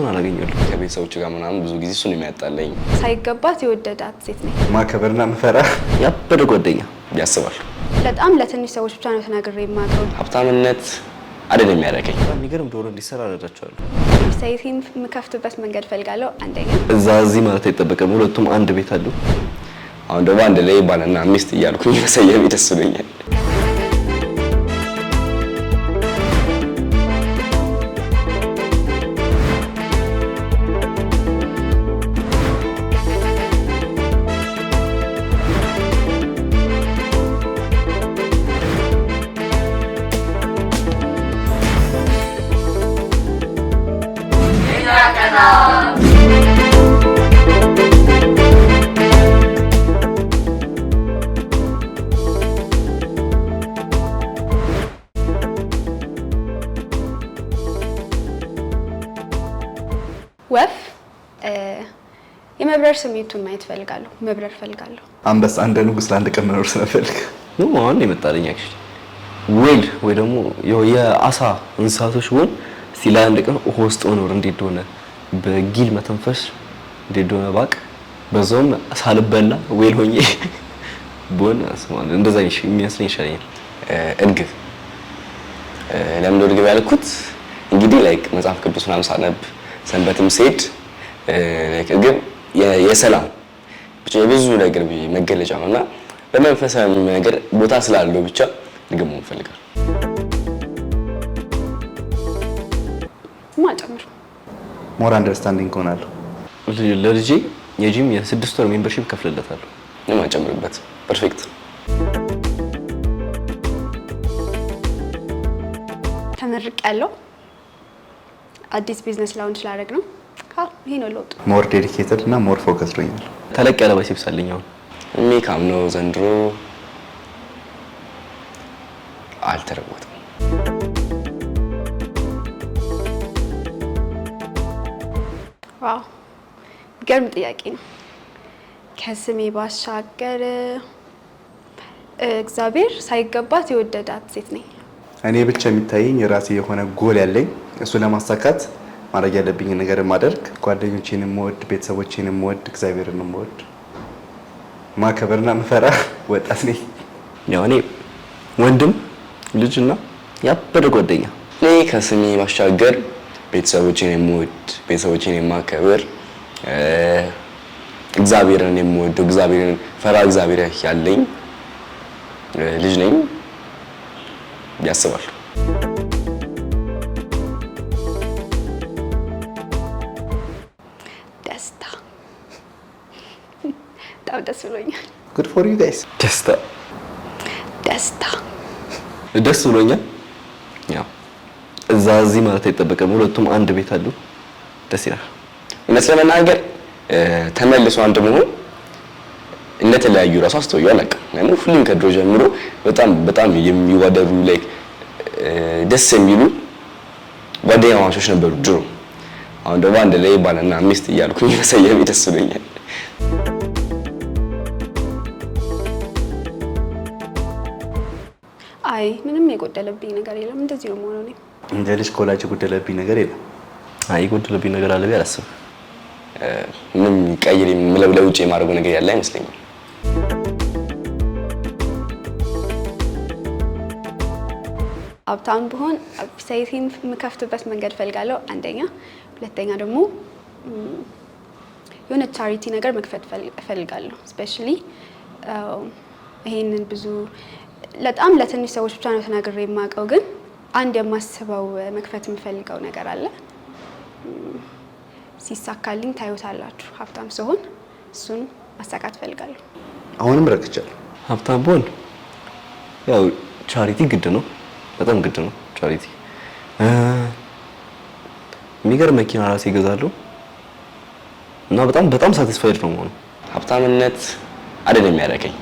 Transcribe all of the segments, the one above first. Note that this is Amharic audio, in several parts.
እስካሁን አላገኘሁም። ከቤተሰቦች ጋር ምናምን ብዙ ጊዜ እሱን የሚያጣለኝ ሳይገባት የወደዳት ሴት ነኝ። ማከበርና መፈራ ያበደ ጓደኛ ያስባል። በጣም ለትንሽ ሰዎች ብቻ ነው ተናግሬ የማውቀው። ሀብታምነት አይደለም የሚያደርገኝ የሚገርም ዶሮ እንዲሰራ እረዳቸዋለሁ። ዌብሳይት የምከፍትበት መንገድ ፈልጋለሁ። አንደኛ እዛ እዚህ ማለት አይጠበቅም፣ ሁለቱም አንድ ቤት አሉ። አሁን ደግሞ አንድ ላይ ባልና ሚስት እያልኩኝ መሰየም ደስ ይለኛል። የመብረር ስሜቱን ማየት ፈልጋለሁ። መብረር ፈልጋለሁ። አንበሳ እንደ ንጉስ ለአንድ ቀን መኖር ስለፈልግ ነው አሁን የመጣልኝ አክቹሊ ወል ወይ ደግሞ የአሳ እንስሳቶች ወል እስቲ ለአንድ ቀን ውሃ ውስጥ መኖር እንዴት እንደሆነ በጊል መተንፈስ እንዴት እንደሆነ ባቅ በዛውም ሳልበላ ዌል ሆኜ ቦን አስማን እንደዛ የሚያስለኝ ይሻለኛል። እርግብ ለምን እርግብ ያልኩት እንግዲህ ላይክ መጽሐፍ ቅዱስ ምናምን ሳነብ ሰንበትም ስሄድ እርግብ የሰላም የብዙ ነገር መገለጫ ነው እና ነገር ቦታ ስላለው ብቻ ድግሞ እንፈልጋል ማጨምር ሞር አንደርስታንዲንግ እሆናለሁ። ለልጄ የጂም የስድስት ወር ሜምበርሺፕ ከፍልለታለሁ። የማጨምርበት ፐርፌክት ተመርቅ ያለው አዲስ ቢዝነስ ላውንች ላደረግ ነው። ሞክረሃል? ይሄ ነው ለውጥ። ሞር ዴዲኬትድ እና ሞር ፎከስ ዶኛል። ተለቅ ያለ ባይሴፕስ አለኝ አሁን። እኔ ካምነው ዘንድሮ አልተለወጥኩም። ዋው ገርም ጥያቄ ነው። ከስሜ ባሻገር እግዚአብሔር ሳይገባት የወደዳት ሴት ነኝ። እኔ ብቻ የሚታየኝ የራሴ የሆነ ጎል ያለኝ እሱ ለማሳካት ማድረግ ያለብኝ ነገር ማደርግ፣ ጓደኞቼን የምወድ፣ ቤተሰቦቼን የምወድ፣ እግዚአብሔርን የምወድ ማከበርና መፈራ ወጣት ነኝ። ያው እኔ ወንድም ልጅና ያበደ ጓደኛ እኔ ከስሜ ባሻገር ቤተሰቦቼን የምወድ፣ ቤተሰቦቼን የማከብር፣ እግዚአብሔርን የምወደው እግዚአብሔርን ፈራ እግዚአብሔር ያለኝ ልጅ ነኝ ያስባል በጣም ደስ ብሎኛል። ጉድ ፎር ዩ ጋይስ። ደስታ ደስታ ደስ ብሎኛል። ያው እዛ እዚህ ማለት አይጠበቅም። ሁለቱም አንድ ቤት አሉ። ደስ ይላል። እውነት ለመናገር ተመልሶ አንድ መሆን እንደተለያዩ እራሱ አስተውዩ አላውቅም። ለምን ሁሉም ከድሮ ጀምሮ በጣም በጣም የሚዋደዱ ላይ ደስ የሚሉ ጓደኛ ማቾች ነበሩ ድሮ። አሁን ደግሞ አንድ ላይ ባልና ሚስት እያልኩኝ መሰየም ደስ ብሎኛል። አይ ምንም የጎደለብኝ ነገር የለም። እንደዚህ ነው መሆኑ። እንደ ልጅ ከወላጅ የጎደለብኝ ነገር የለም። አይ የጎደለብኝ ነገር አለብኝ ብዬ አላስብም። ምንም ቀይር ምለው ለውጭ የማድረጉ ነገር ያለ አይመስለኝም። አብታን ብሆን ሳይቴን የምከፍትበት መንገድ ፈልጋለሁ። አንደኛ፣ ሁለተኛ ደግሞ የሆነ ቻሪቲ ነገር መክፈት ፈልጋለሁ። ስፔሻሊ ይሄንን ብዙ በጣም ለትንሽ ሰዎች ብቻ ነው ተናግሬ የማውቀው፣ ግን አንድ የማስበው መክፈት የምፈልገው ነገር አለ። ሲሳካልኝ ታዩታላችሁ። ሀብታም ሲሆን እሱን ማሳካት እፈልጋለሁ። አሁንም ረክቻለሁ። ሀብታም ብሆን ያው ቻሪቲ ግድ ነው፣ በጣም ግድ ነው ቻሪቲ። የሚገርም መኪና ራሴ ይገዛለሁ እና በጣም በጣም ሳቲስፋይድ ነው መሆኑ። ሀብታምነት አይደለም የሚያረከኝ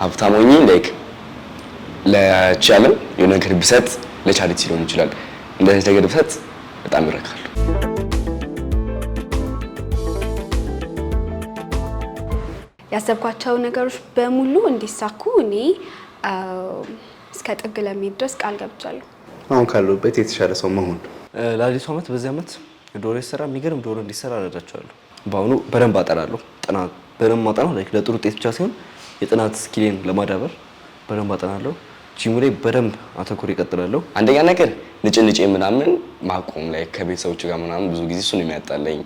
ሀብታም ሆኜ ላይክ ለቻለም የሆነ ነገር ብሰጥ ለቻሪቲ ሊሆን ይችላል። እንደዚህ ነገር ብሰጥ በጣም ይረካል። ያሰብኳቸው ነገሮች በሙሉ እንዲሳኩ እኔ እስከ ጥግ ለመሄድ ድረስ ቃል ገብቻለሁ። አሁን ካለሁበት የተሻለ ሰው መሆን ለአዲሱ ዓመት በዚህ ዓመት ዶሮ የሰራ የሚገርም ዶሮ እንዲሰራ እረዳቸዋለሁ። በአሁኑ በደንብ አጠናለሁ። ጥናት በደንብ ማጠና ለጥሩ ውጤት ብቻ ሲሆን የጥናት ስኪሌን ለማዳበር በደንብ አጠናለሁ። ጂሙ ላይ በደንብ አተኩር ይቀጥላለሁ። አንደኛ ነገር ንጭንጭ ምናምን ማቆም ላይ ከቤተሰቦች ጋር ምናምን ብዙ ጊዜ እሱን የሚያጣለኝ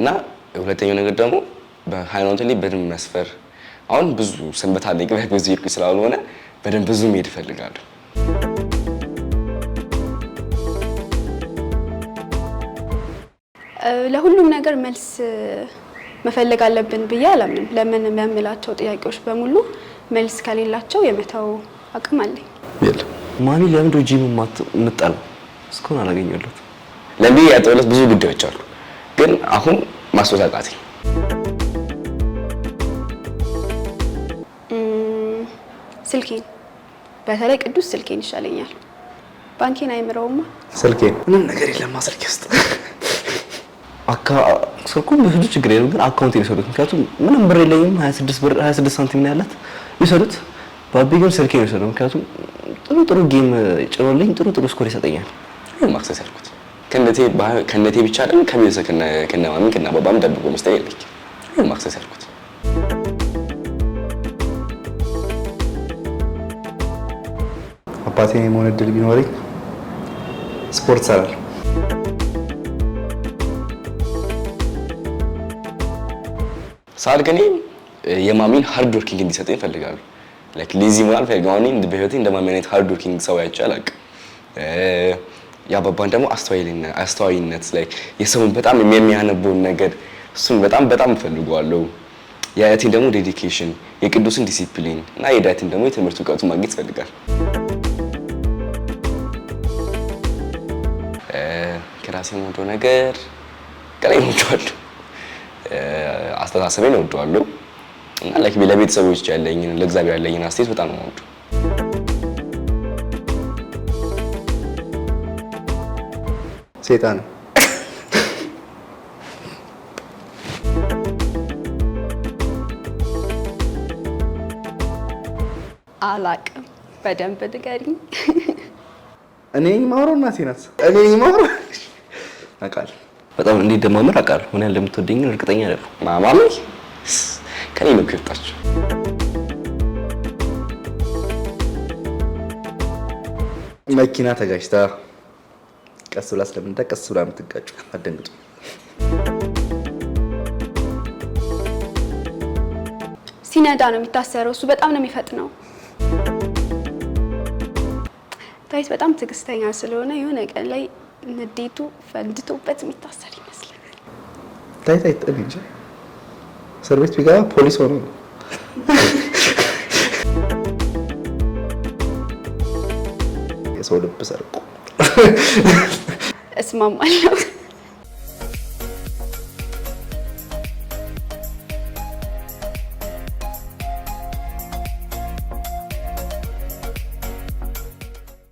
እና ሁለተኛው ነገር ደግሞ በሃይማኖት ላይ በደንብ መስፈር አሁን ብዙ ሰንበት አለ ቅበት ብዙ ይርቅ ስላልሆነ በደንብ ብዙ መሄድ እፈልጋለሁ። ለሁሉም ነገር መልስ መፈለግ አለብን ብዬ አላምንም። ለምን የሚያምላቸው ጥያቄዎች በሙሉ መልስ ከሌላቸው የመተው አቅም አለኝ። የለም ማሚ ለምንድን ነው ጂም የምትጠላው? እስካሁን አላገኘሁለትም። ለእንዲ ያጠበለት ብዙ ጉዳዮች አሉ፣ ግን አሁን ማስወጣ ማስወጣቃት ስልኬን በተለይ ቅዱስ ስልኬን ይሻለኛል። ባንኬን አይምረውማ። ስልኬን ምንም ነገር የለማ ስልኬ ውስጥ አካ ስልኩ ብዙ ችግር የለም ግን አካውንት ይወስዱት። ምክንያቱም ምንም ብር የለኝም 26 ብር 26 ሳንቲም ነው ያላት ይወስዱት። ባቢ ግን ስልኬ ነው የወሰደው። ምክንያቱም ጥሩ ጥሩ ጌም ጭኖልኝ ጥሩ ጥሩ ስኮር ይሰጠኛል። ምን ማክሰስ ያልኩት ከነቴ ከነቴ ብቻ አይደል ከሚዘ ከነ ከነ ማሚ ከነ አባባም ደብቆ መስጠኝ ምን ማክሰስ ያልኩት አባቴ የመሆን እድል ቢኖረኝ ስፖርት ሰራለሁ ሳድግ እኔ የማሚን ሃርድ ወርኪንግ እንዲሰጠኝ ይፈልጋሉ። ላይክ ሌዚ መሆን አልፈልግም። አሁን እኔ በህይወቴ እንደ ማሚ አይነት ሃርድ ወርኪንግ ሰው አይቼ አላውቅም። ያባባን ደግሞ አስተዋይነት ላይ የሰውን በጣም የሚያነበውን ነገር እሱን በጣም በጣም እፈልገዋለሁ። የአያቴን ደግሞ ዴዲኬሽን፣ የቅዱስን ዲሲፕሊን እና የዳያቴን ደግሞ የትምህርት እውቀቱን ማግኘት ይፈልጋል። ከራሴ የምወደው ነገር ቀላይ እወደዋለሁ አስተሳሰቤን እወደዋለሁ እና ለቤተሰቦች ያለኝን ለእግዚአብሔር ያለኝን አስተያየት በጣም ነው የምወደው። ሴጣን አላቅም። በደንብ ንገሪኝ። እኔ ማውራው እናቴ ናት። እኔ ማውራው አቃል በጣም እንዲደማመር አውቃለሁ። ምን ያህል እንደምትወደኝ ግን እርግጠኛ አይደለሁ። ማማ ከኔ ነው የወጣችው። መኪና ተጋጭታ ቀስ ብላ ስለምንዳ ቀስ ብላ የምትጋጩ አደንግጡ። ሲነዳ ነው የሚታሰረው። እሱ በጣም ነው የሚፈጥነው። ታይስ በጣም ትዕግስተኛ ስለሆነ የሆነ ቀን ላይ ንዴቱ ፈንድቶበት የሚታሰር ይመስለኛል። ታይት አይጠን እንጂ እስር ቤት ቢገባ ፖሊስ ሆኖ ነው። የሰው ልብ ሰርቆ እስማማለሁ።